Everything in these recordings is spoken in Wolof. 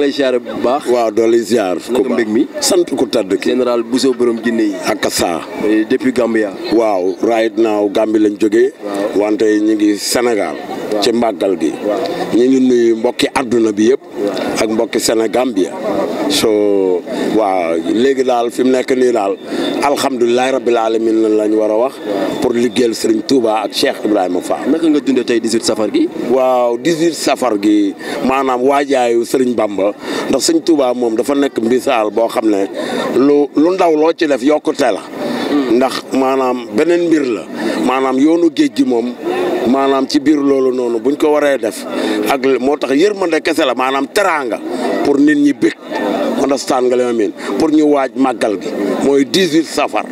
lay ziar bu baax. waaw doo lay ziar. mi sant ku tàdd ki. général Bousso borom jinne yi. ak Kassa. depuis Gambia. waaw right now Gambie lañ jógee. wante ñu ngi Sénégal. ci màggal gi. ñu ngi nuyu mbokki àdduna bi yëpp. ak mbokki Sénégambia. so waaw léegi daal fi mu nekk nii daal alhamdulilah rabbil alamin lan lañ war a wax. pour liggéeyal Serigne Touba ak Cheikh Ibrahima Fall. naka nga dundee tey 18 safar gi. waaw 18 safar gi maanaam waajaayu Serigne Bamba ndax Serigne Touba moom dafa nekk mbisaal boo xam ne lu lu ndaw loo ci def yokkute la. Hmm. ndax maanaam beneen mbir la maanaam yoonu géej gi moom maanaam ci biir loolu noonu buñ ko waree def ak moo tax yërmande kese la maanaam teraanga pour nit ñi bëgg understand nga ma miin pour ñu waaj màggal gi mooy 18 safar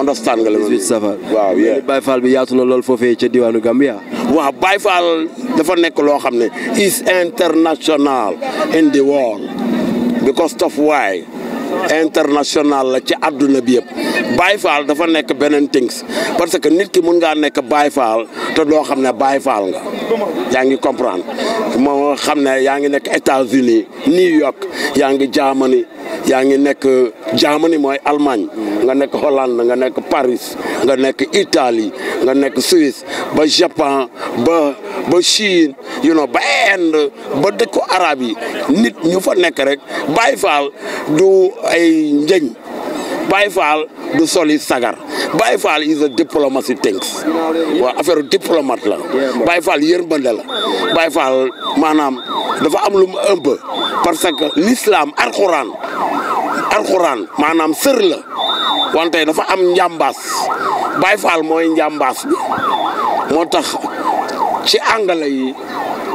understand nga li ma miin safar waaw yéen Baye Fall bi yaatu na lool foofee ca diwaanu Gambia. waaw Baye Fall dafa nekk loo xam ne is international in the world because of why international la ci àdduna bi yëpp Baye Fall dafa nekk beneen things parce que nit ki mun ngaa nekk Baye Fall te doo xam ne Baay Faal nga yaa ngi comprendre moo xam ne yaa ngi nekk États-Unis New York yaa ngi Germany yaa ngi nekk Germany mooy Allemagne nga nekk Hollande nga nekk Paris nga nekk itali nga nekk Suisse ba Japon ba ba Chine you ba Inde ba dëkku araab yi nit ñu fa nekk rek Baay du ay njëñ Baye Fall du soli sagar Baye Fall is a diplomacy things waaw affaire diplomate la Baye Fall yërmande la Baye maanaam dafa am lu mu ëmb parce que l'islam alxuraan alxuraan maanaam sër la dafa am njàmbaas Baye Fall mooy njàmbaas moo tax ci angale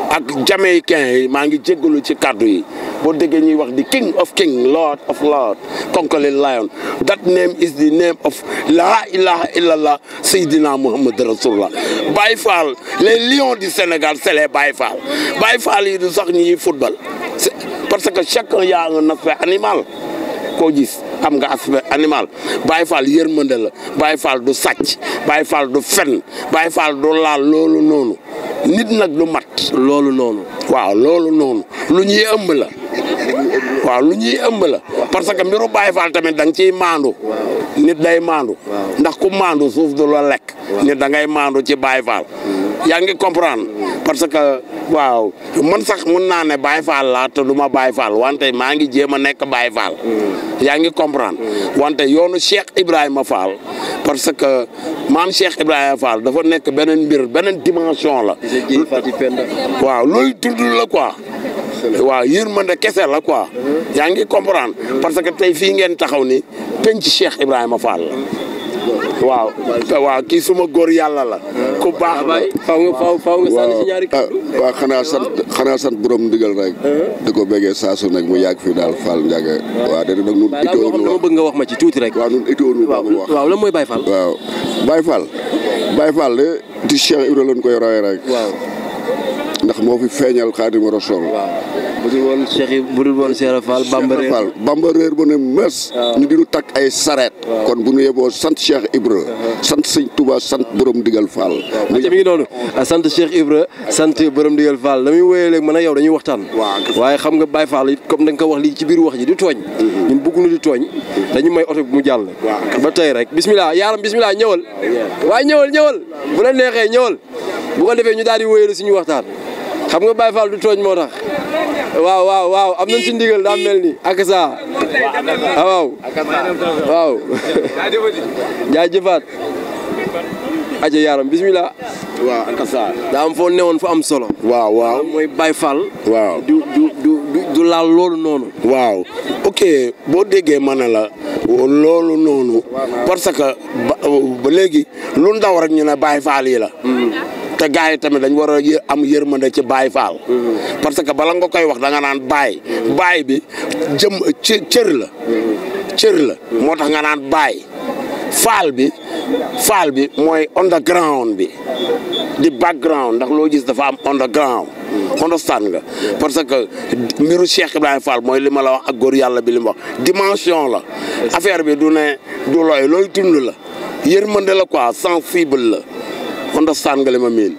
ak jamaïcain maa ngi jéggalu ci kàddu yi boo déggee ñuy wax di king of king lord of lord conquering lion that name is the name of la ilaha illallah seydina muhammad rasulullah Baye Fall les lions du Sénégal c'est les Baye Fall Baye yi du sax ñuy football parce que chacun y a un animal koo gis xam nga aspect animal Baye Fall yërmande la Baye Fall du sàcc Baye Fall du fen Baye Fall du laal loolu noonu nit nag du mat loolu noonu waaw loolu noonu lu ñuy ëmb la waaw lu ñuy ëmb la parce que mbiru Baay Faal tamit da nga ciy maandu nit day maandu ndax ku maandu suuf du la lekk nit da ngay maandu ci Baay Faal yaa ngi comprendre parce que waaw man sax mun naa ne Baye Fall laa te du ma Baye Fall wante maa ngi jéem a nekk Baye Fall. yaa ngi comprendre wante yoonu Cheikh Ibrahima Fall parce que maam Cheikh Ibrahima Fall dafa nekk beneen mbir beneen dimension la. waaw looy tudd la quoi. waaw yërmande kese la quoi. Mm-hmm. yaa ngi comprendre parce que tey fii ngeen taxaw ni penc Cheikh Ibrahima Fall la. waaw waaw kii suma góor yàlla la ku baax la ah, faw nga faw faw nga ah, ah, waaw xanaa sant xanaa sant borom ndigal rek da ko béggee saasu nag mu yàgg fii daal Fall Ndiaga waaw dana nag nun itoo nu wax nga wax ma ci tuuti rek waaw nun wax waaw lan mooy Baye Fall waaw Baye Fall Baye koy roy rek moo fi feeñal xaadimu rasool bu dul woon Cheikh bu dul woon Cheikh Fall Bamba réer Bamba réer bu ne mës ñu di ñu takk ay sareet kon bu nu yeboo sant Cheikh Ibra uh-huh. sant sëñ Touba sant borom digal Fall mu ngi noonu ah, sant Cheikh Ibra sant borom digal Fall la muy wooyee léegi mën a yow dañuy waxtaan waaye xam nga Baye Fall comme da nga ko wax lii ci biir wax ji di tooñ uh-huh. ñun bëgguñu di tooñ uh-huh. dañu may oto bi mu jàll ba tey rek bismillah yaaram bismillah ñëwal waaye ñëwal ñëwal bu la neexee ñëwal bu ko defee ñu daal di wéyal suñu waxtaan xam nga Baye du tooñ moo tax waaw waaw waaw am nañ ci ndigal daa mel ni ak ah, waaw waaw jaajëfaat aja yaaram bismillah waaw ak daa am foo newoon fu am solo waaw waaw mooy Baye Fall waaw du du laal loolu noonu waaw ok boo déggee ma ne la loolu noonu parce que ba léegi lu ndaw rek ñu ne Baye Fall te gars yi tamit dañ war a am yërmande ci Baye Fall. Mm-hmm. parce que bala nga koy wax da nga naan baay Baye bi jëm cër la. cër la moo tax nga naan Baye. faal bi faal bi mooy underground bi di background ndax loo gis dafa am underground mm-hmm. understand nga parce que mbiru Cheikh Ibrahima Fall mooy li ma la wax ak góor yàlla bi li wax dimension la affaire bi du ne du looy looy la yërmande la quoi sensible la understand nga li ma miin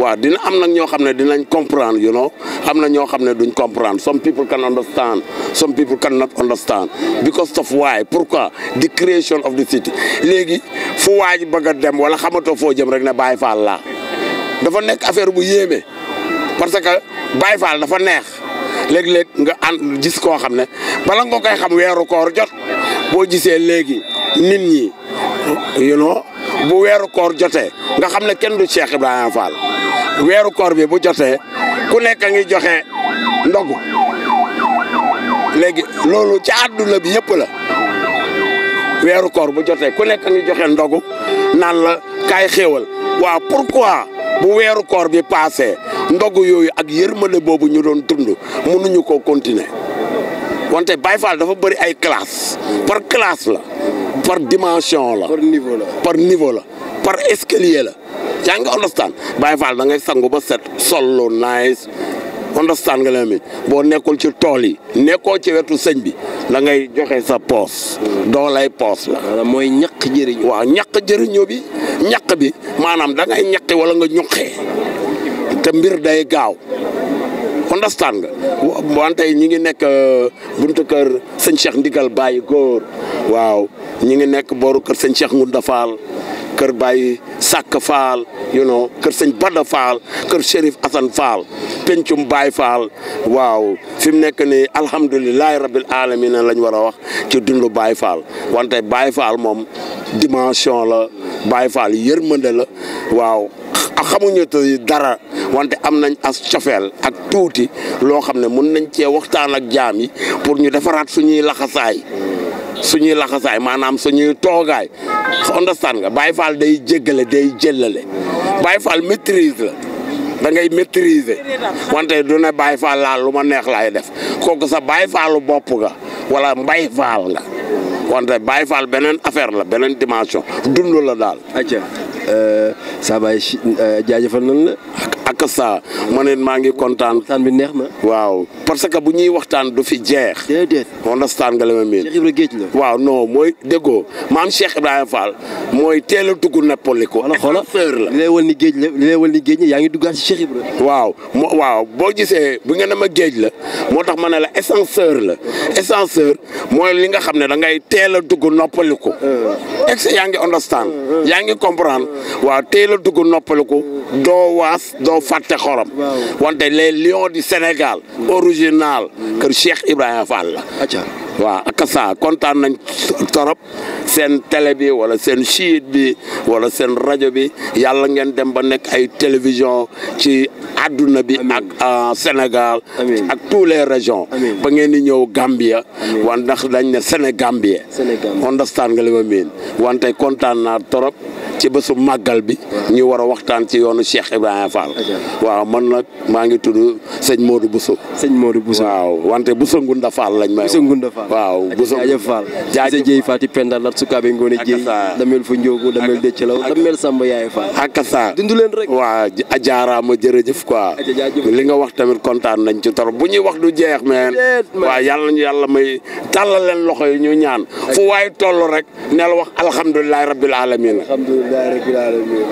waaw dina am nag ñoo xam ne dinañ comprendre you know am na ñoo xam ne duñ comprendre some people can understand some people can not understand because of why pourquoi the creation of the city léegi fu waaj bëgg a dem wala xamatoo foo jëm rek ne Baye Fall laa dafa nekk affaire bu yéeme parce que Baye Fall dafa neex léeg-léeg nga ànd gis koo xam ne bala ngoo koy xam weeru koor jot boo gisee léegi nit ñi you know bu weeru koor jotee nga xam ne kenn du Cheikh Ibrahima Fall weeru koor bi bu jotee ku nekk a ngi joxe ndogu léegi loolu ci àdduna bi yëpp la weeru koor bu jotee ku nekk a ngi joxe ndogu naan la kaay xéewal waaw pourquoi bu weeru koor bi paase ndogu yooyu ak yërmande boobu ñu doon dund mënuñu ko continuer wante Baye Fall dafa bëri ay classe par classe la par dimension la. par niveau la par niveau la par escalier la. yaa ngi understand Baye Fall da ngay sangu ba set solo nice understand nga mi boo nekkool ci tool yi nekkoo ci wetu sëñ bi da ngay joxe sa poos doo ay poos la. wala mooy ñàkk jëriñu. waaw ñàkk jëriñu bi ñàkk bi maanaam da ngay ñàkk wala nga ñuqee te mbir day gaaw understand nga wante ñi ngi nekk euh, buntu kër sëñ Cheikh Ndigal Baye góor waaw. ñi ngi nekk booru kër sëñ Cheikh Ngunda Fall kër Baye Sakk Fall you know kër sëñ Bada Fall kër Chérif Assane Fall pencum Baye Fall waaw fi mu nekk ni alhamdulilahi rabil alamina lañ war a wax ci dundu Baye Fall wante Baye Fall moom dimension la Baye Fall yërmande la waaw xamuñu te dara wante am nañ as cofeel ak tuuti loo xam ne mun nañ cee waxtaan ak jaam yi pour ñu defaraat suñuy laxasaay suñuy laxasaay maanaam suñuy toogaay understand nga Baye Fall day jéggale day jëllale Baye Fall maîtrise la da ngay maîtriser wante du ne Baye Fall lu ma neex laay def kooku sa Baye Fallu bopp nga wala Mbaye Fall nga wante Baye Fall beneen affaire la beneen dimension dund la daal. acca saa baay jaajëfal nañ la. que ça ma ne maa ngi kontaan. waxtaan bi neex na. waaw parce que bu ñi waxtaan du fi jeex. déedéet understand nga la ma Cheikh Ibrahima géej la. waaw non moy dego maam Cheikh Ibrahima Fall mooy teel a dugg neppaliko. wala feur la lay wal ni géej la lay wal ni géej ya yaa ngi duggaat si Cheikh Ibrahima. waaw waaw bo gisee bu nga ne ma géej la motax manela essenceur la essenceur moy li nga xamne da ngay teel a napoli ko ex euh. ya ngi understand. ya ngi comprendre waaw teel a napoli ko do was do fàtte xorom. wante les lions du Sénégal. original kër Cheikh Ibrahima Fall la. waaw ak saa kontaan nañ torop seen télé bi wala seen chiit bi wala seen rajo bi yàlla ngeen dem ba nekk ay télévision ci àdduna bi. ak Sénégal. ak tous les régions. ba ngeen di ñëw Gambia. wan ndax dañ ne Sénégambie. Sénégambie understand nga miin wante kontaan naa torop. ci bésu màggal bi ñu war a waxtaan ci yoonu Cheikh Ibrahima Fall waaw man nag maa ngi tudd sëñ Modou Bousso sëñ Modou Bousso waaw wante Bousso Ngunda Fall lañ may Bousso Ngunda Fall waaw Bousso jaajëf Fall jaajëf Jéy Faati Penda Lat Sukaabe Ngoone Jéy a fu Njoogu damel Dëccalaw damel Samba Yaay Fall akasa dundu leen rek waaw ajaaraama jërëjëf quoi li nga wax tamit kontaan nañ ci trop bu ñuy wax du jeex meen waaw yàlla ñu yàlla may tàllal leen loxo yi ñu ñaan fu waay toll rek nel wax alhamdulilahi rabbil alhamdulillahi rabbil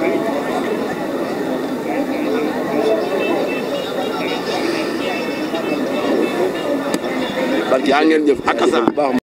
barki yaa ngeen jëf ak sa